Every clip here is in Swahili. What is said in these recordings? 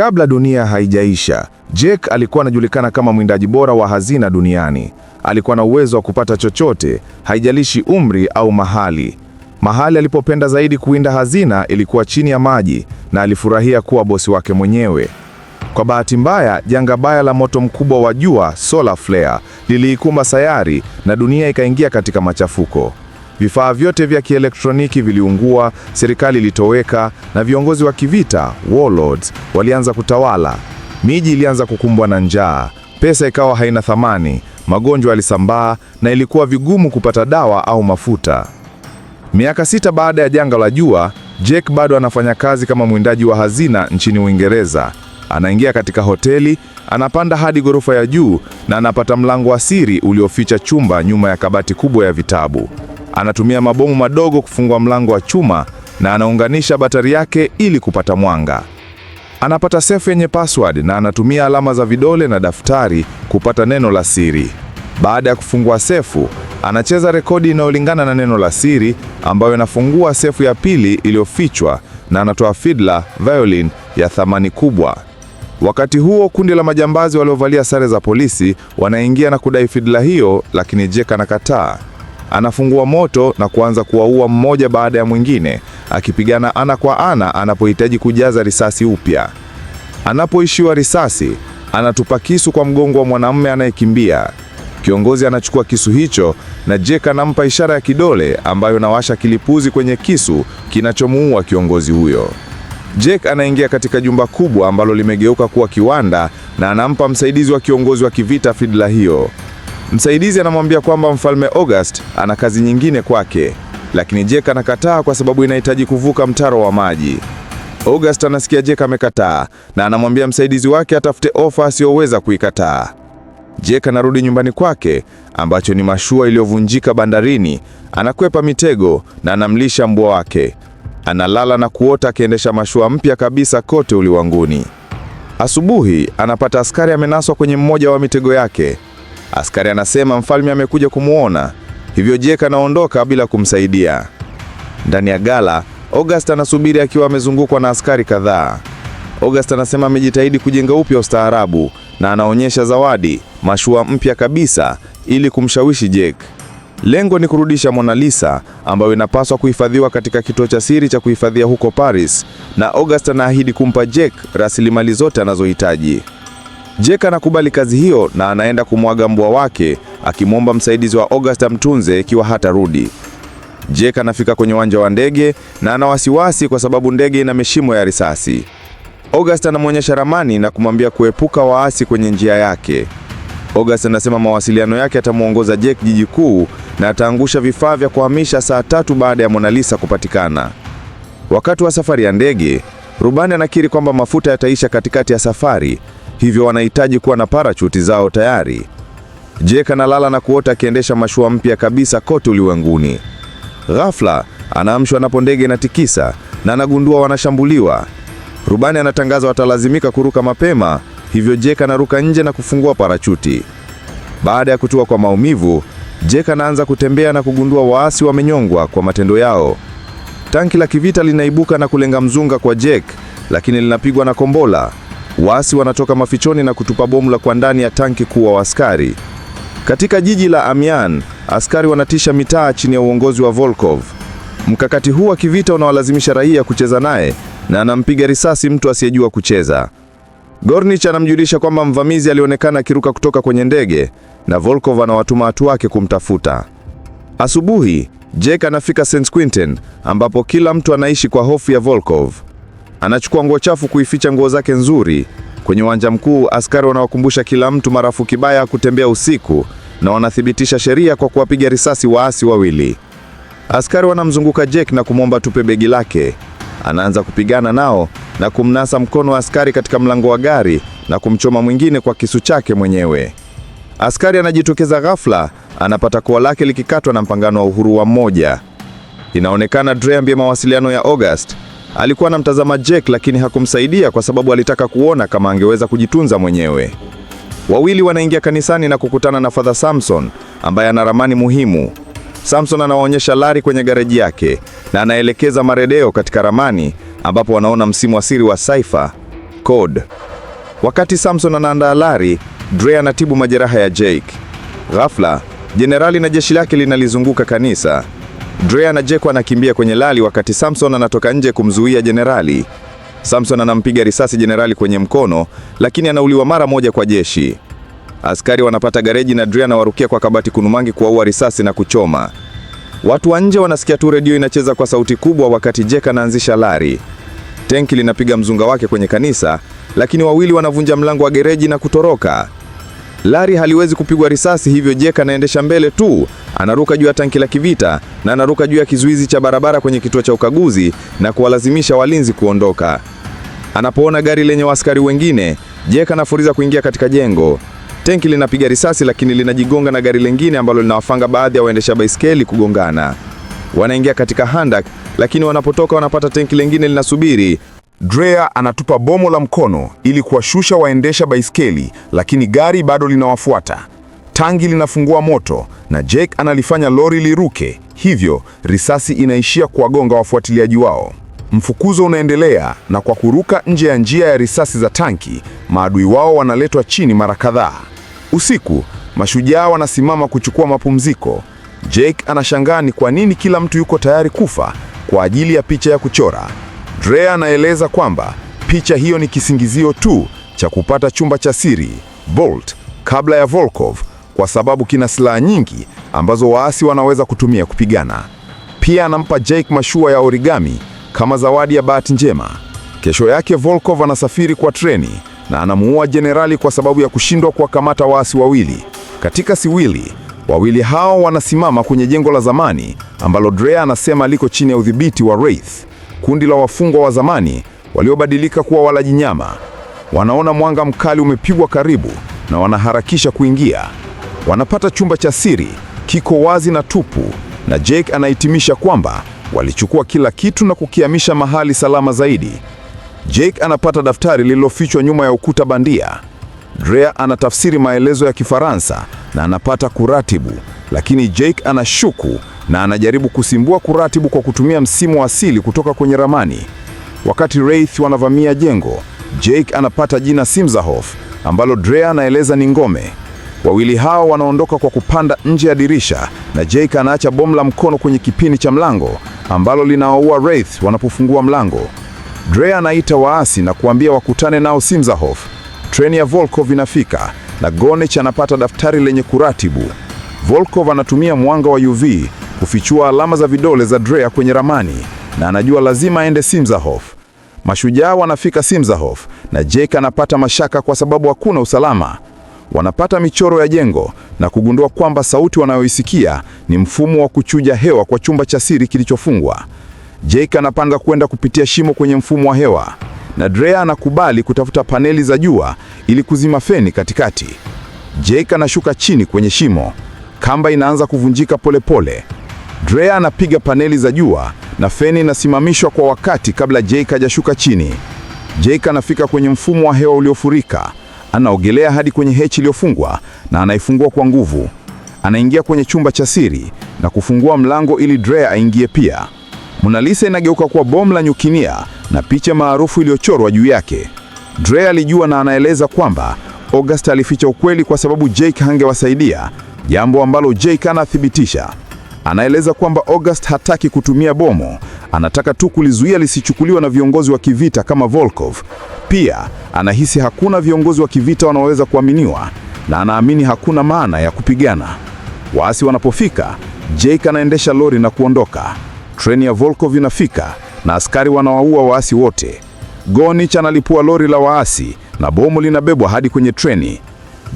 Kabla dunia haijaisha, Jake alikuwa anajulikana kama mwindaji bora wa hazina duniani. Alikuwa na uwezo wa kupata chochote, haijalishi umri au mahali. Mahali alipopenda zaidi kuwinda hazina ilikuwa chini ya maji, na alifurahia kuwa bosi wake mwenyewe. Kwa bahati mbaya, janga baya la moto mkubwa wa jua, solar flare, liliikumba sayari na dunia ikaingia katika machafuko. Vifaa vyote vya kielektroniki viliungua, serikali ilitoweka, na viongozi wa kivita warlords walianza kutawala. Miji ilianza kukumbwa na njaa, pesa ikawa haina thamani, magonjwa yalisambaa, na ilikuwa vigumu kupata dawa au mafuta. Miaka sita baada ya janga la Jua, Jake bado anafanya kazi kama mwindaji wa hazina nchini Uingereza. Anaingia katika hoteli, anapanda hadi ghorofa ya juu na anapata mlango wa siri ulioficha chumba nyuma ya kabati kubwa ya vitabu. Anatumia mabomu madogo kufungua mlango wa chuma na anaunganisha batari yake ili kupata mwanga. Anapata sefu yenye password na anatumia alama za vidole na daftari kupata neno la siri. Baada ya kufungua sefu, anacheza rekodi inayolingana na neno la siri ambayo inafungua sefu ya pili iliyofichwa na anatoa fiddler violin ya thamani kubwa. Wakati huo kundi la majambazi waliovalia sare za polisi wanaingia na kudai fidla hiyo, lakini Jake anakataa anafungua moto na kuanza kuwaua mmoja baada ya mwingine, akipigana ana kwa ana anapohitaji kujaza risasi upya. Anapoishiwa risasi, anatupa kisu kwa mgongo wa mwanamume anayekimbia. Kiongozi anachukua kisu hicho na Jack anampa ishara ya kidole ambayo nawasha kilipuzi kwenye kisu kinachomuua kiongozi huyo. Jack anaingia katika jumba kubwa ambalo limegeuka kuwa kiwanda na anampa msaidizi wa kiongozi wa kivita fidla hiyo. Msaidizi anamwambia kwamba Mfalme August ana kazi nyingine kwake, lakini Jack anakataa kwa sababu inahitaji kuvuka mtaro wa maji. August anasikia Jack amekataa na anamwambia msaidizi wake atafute ofa asiyoweza kuikataa. Jack anarudi nyumbani kwake ambacho ni mashua iliyovunjika bandarini, anakwepa mitego na anamlisha mbwa wake. Analala na kuota akiendesha mashua mpya kabisa kote ulimwenguni. Asubuhi anapata askari amenaswa kwenye mmoja wa mitego yake. Askari anasema mfalme amekuja kumwona, hivyo Jake anaondoka bila kumsaidia. Ndani ya gala, August anasubiri akiwa amezungukwa na askari kadhaa. August anasema amejitahidi kujenga upya ustaarabu na anaonyesha zawadi, mashua mpya kabisa ili kumshawishi Jake. Lengo ni kurudisha Mona Lisa ambayo inapaswa kuhifadhiwa katika kituo cha siri cha kuhifadhia huko Paris, na August anaahidi kumpa Jake rasilimali zote anazohitaji. Jake anakubali kazi hiyo na anaenda kumwaga mbwa wake, akimwomba msaidizi wa August amtunze ikiwa hatarudi. Jake anafika kwenye uwanja wa ndege na ana wasiwasi kwa sababu ndege ina mishimo ya risasi. August anamwonyesha ramani na kumwambia kuepuka waasi kwenye njia yake. August anasema mawasiliano yake atamwongoza Jake jiji kuu na ataangusha vifaa vya kuhamisha saa tatu baada ya Mona Lisa kupatikana. Wakati wa safari ya ndege, rubani anakiri kwamba mafuta yataisha katikati ya safari hivyo wanahitaji kuwa na parachuti zao tayari. Jake analala na kuota akiendesha mashua mpya kabisa kote ulimwenguni. Ghafla anaamshwa anapo ndege inatikisa na anagundua wanashambuliwa. Rubani anatangaza watalazimika kuruka mapema, hivyo Jake anaruka nje na kufungua parachuti. Baada ya kutua kwa maumivu, Jake anaanza kutembea na kugundua waasi wamenyongwa kwa matendo yao. Tanki la kivita linaibuka na kulenga mzunga kwa Jake, lakini linapigwa na kombola. Waasi wanatoka mafichoni na kutupa bomu la kwa ndani ya tanki kuu wa askari. Katika jiji la Amian, askari wanatisha mitaa chini ya uongozi wa Volkov. Mkakati huu wa kivita unawalazimisha raia kucheza naye na anampiga risasi mtu asiyejua kucheza. Gornich anamjulisha kwamba mvamizi alionekana akiruka kutoka kwenye ndege na Volkov anawatuma watu wake kumtafuta. Asubuhi, Jake anafika St. Quentin ambapo kila mtu anaishi kwa hofu ya Volkov. Anachukua nguo chafu kuificha nguo zake nzuri. Kwenye uwanja mkuu, askari wanawakumbusha kila mtu marafu kibaya kutembea usiku na wanathibitisha sheria kwa kuwapiga risasi waasi wawili. Askari wanamzunguka Jack na kumwomba tupe begi lake. Anaanza kupigana nao na kumnasa mkono wa askari katika mlango wa gari na kumchoma mwingine kwa kisu chake mwenyewe. Askari anajitokeza ghafla, anapata koa lake likikatwa na mpangano wa uhuru wa mmoja. Inaonekana Dre ambaye mawasiliano ya August Alikuwa anamtazama Jake lakini hakumsaidia kwa sababu alitaka kuona kama angeweza kujitunza mwenyewe. Wawili wanaingia kanisani na kukutana na Father Samson ambaye ana ramani muhimu. Samson anawaonyesha Larry kwenye gareji yake na anaelekeza maredeo katika ramani ambapo wanaona msimu wa siri wa saifa Code. Wakati Samson anaandaa Larry, Dre anatibu majeraha ya Jake. Ghafla, jenerali na jeshi lake linalizunguka kanisa. Drea na Jeku anakimbia kwenye lali wakati Samson anatoka nje kumzuia jenerali. Samson anampiga risasi jenerali kwenye mkono, lakini anauliwa mara moja kwa jeshi. Askari wanapata gareji na Drea anawarukia kwa kabati kunumangi kuwaua risasi na kuchoma. Watu wa nje wanasikia tu redio inacheza kwa sauti kubwa wakati Jeka anaanzisha lari. Tenki linapiga mzunga wake kwenye kanisa, lakini wawili wanavunja mlango wa gereji na kutoroka. Lari haliwezi kupigwa risasi, hivyo Jeka anaendesha mbele tu anaruka juu ya tanki la kivita na anaruka juu ya kizuizi cha barabara kwenye kituo cha ukaguzi na kuwalazimisha walinzi kuondoka. Anapoona gari lenye waaskari wengine, Jake anafuriza kuingia katika jengo. Tanki linapiga risasi lakini linajigonga na gari lengine ambalo linawafanga baadhi ya waendesha baiskeli kugongana. Wanaingia katika handak, lakini wanapotoka wanapata tanki lengine linasubiri. Drea anatupa bomo la mkono ili kuwashusha waendesha baiskeli, lakini gari bado linawafuata. Tangi linafungua moto na Jake analifanya lori liruke, hivyo risasi inaishia kuwagonga wafuatiliaji wao. Mfukuzo unaendelea na kwa kuruka nje ya njia ya risasi za tanki, maadui wao wanaletwa chini mara kadhaa. Usiku, mashujaa wanasimama kuchukua mapumziko. Jake anashangaa ni kwa nini kila mtu yuko tayari kufa kwa ajili ya picha ya kuchora. Drea anaeleza kwamba picha hiyo ni kisingizio tu cha kupata chumba cha siri Bolt kabla ya Volkov kwa sababu kina silaha nyingi ambazo waasi wanaweza kutumia kupigana. Pia anampa Jake mashua ya origami kama zawadi ya bahati njema. Kesho yake Volkov anasafiri kwa treni na anamuua jenerali kwa sababu ya kushindwa kuwakamata waasi wawili. Katika siwili, wawili hao wanasimama kwenye jengo la zamani ambalo Drea anasema liko chini ya udhibiti wa Wraith, kundi la wafungwa wa zamani waliobadilika kuwa walaji nyama. Wanaona mwanga mkali umepigwa karibu na wanaharakisha kuingia. Wanapata chumba cha siri, kiko wazi na tupu, na Jake anahitimisha kwamba walichukua kila kitu na kukihamisha mahali salama zaidi. Jake anapata daftari lililofichwa nyuma ya ukuta bandia. Drea anatafsiri maelezo ya Kifaransa na anapata kuratibu, lakini Jake anashuku na anajaribu kusimbua kuratibu kwa kutumia msimu wa asili kutoka kwenye ramani. Wakati Wraith wanavamia jengo, Jake anapata jina Simzahof ambalo Drea anaeleza ni ngome. Wawili hao wanaondoka kwa kupanda nje ya dirisha na Jake anaacha bomu la mkono kwenye kipini cha mlango ambalo linawaua Wraith wanapofungua mlango. Dre anaita waasi na kuambia wakutane nao Simzahof. Treni ya Volkov inafika na Gonech anapata daftari lenye kuratibu. Volkov anatumia mwanga wa UV kufichua alama za vidole za Drea kwenye ramani na anajua lazima aende Simzahof. Mashujaa wanafika Simzahof na Jake anapata mashaka kwa sababu hakuna usalama. Wanapata michoro ya jengo na kugundua kwamba sauti wanayoisikia ni mfumo wa kuchuja hewa kwa chumba cha siri kilichofungwa. Jake anapanga kwenda kupitia shimo kwenye mfumo wa hewa na Drea anakubali kutafuta paneli za jua ili kuzima feni katikati. Jake anashuka chini kwenye shimo, kamba inaanza kuvunjika polepole. Drea anapiga paneli za jua na feni inasimamishwa kwa wakati kabla Jake hajashuka chini. Jake anafika kwenye mfumo wa hewa uliofurika Anaogelea hadi kwenye hechi iliyofungwa na anaifungua kwa nguvu. Anaingia kwenye chumba cha siri na kufungua mlango ili Drea aingie pia. Mona Lisa inageuka kuwa bomu la nyukinia na picha maarufu iliyochorwa juu yake. Drea alijua na anaeleza kwamba August alificha ukweli kwa sababu Jake hangewasaidia, jambo ambalo Jake anathibitisha. Anaeleza kwamba August hataki kutumia bomu, anataka tu kulizuia lisichukuliwa na viongozi wa kivita kama Volkov. Pia anahisi hakuna viongozi wa kivita wanaoweza kuaminiwa na anaamini hakuna maana ya kupigana. Waasi wanapofika, Jake anaendesha lori na kuondoka. Treni ya Volkov inafika na askari wanawaua waasi wote. Gonich analipua lori la waasi na bomu linabebwa hadi kwenye treni.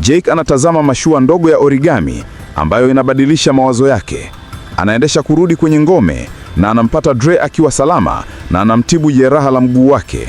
Jake anatazama mashua ndogo ya origami ambayo inabadilisha mawazo yake anaendesha kurudi kwenye ngome na anampata Dre akiwa salama na anamtibu jeraha la mguu wake.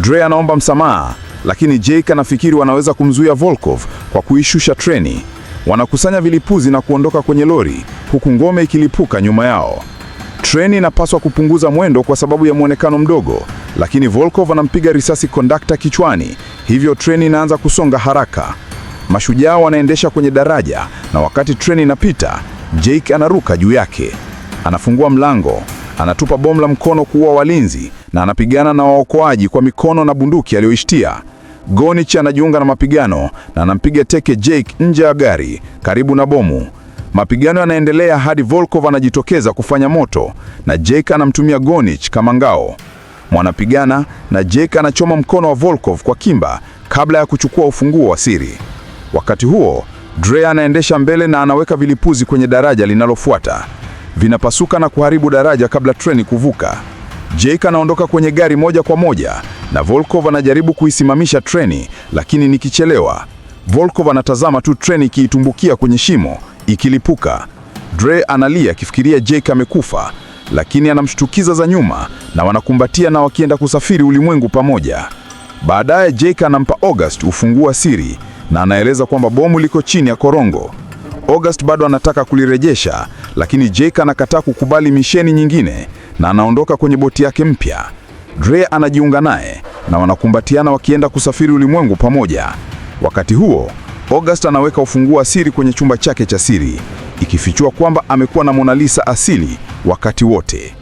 Dre anaomba msamaha, lakini Jake anafikiri wanaweza kumzuia Volkov kwa kuishusha treni. Wanakusanya vilipuzi na kuondoka kwenye lori huku ngome ikilipuka nyuma yao. Treni inapaswa kupunguza mwendo kwa sababu ya mwonekano mdogo, lakini Volkov anampiga risasi kondakta kichwani, hivyo treni inaanza kusonga haraka. Mashujaa wanaendesha kwenye daraja na wakati treni inapita Jake anaruka juu yake, anafungua mlango, anatupa bomu la mkono kuua walinzi na anapigana na waokoaji kwa mikono na bunduki aliyoishtia. Gonich anajiunga na mapigano na anampiga teke Jake nje ya gari karibu na bomu. Mapigano yanaendelea hadi Volkov anajitokeza kufanya moto na Jake anamtumia Gonich kama ngao. Mwanapigana na Jake anachoma mkono wa Volkov kwa kimba kabla ya kuchukua ufunguo wa siri. Wakati huo Dre anaendesha mbele na anaweka vilipuzi kwenye daraja linalofuata. Vinapasuka na kuharibu daraja kabla treni kuvuka. Jake anaondoka kwenye gari moja kwa moja na Volkov anajaribu kuisimamisha treni lakini ni kichelewa. Volkov anatazama tu treni ikiitumbukia kwenye shimo ikilipuka. Dre analia akifikiria Jake amekufa, lakini anamshtukiza za nyuma na wanakumbatia na wakienda kusafiri ulimwengu pamoja. Baadaye Jake anampa August ufunguo siri na anaeleza kwamba bomu liko chini ya korongo. August bado anataka kulirejesha, lakini Jake anakataa kukubali misheni nyingine na anaondoka kwenye boti yake mpya. Dre anajiunga naye na wanakumbatiana wakienda kusafiri ulimwengu pamoja. Wakati huo, August anaweka ufunguo wa siri kwenye chumba chake cha siri, ikifichua kwamba amekuwa na Mona Lisa asili wakati wote.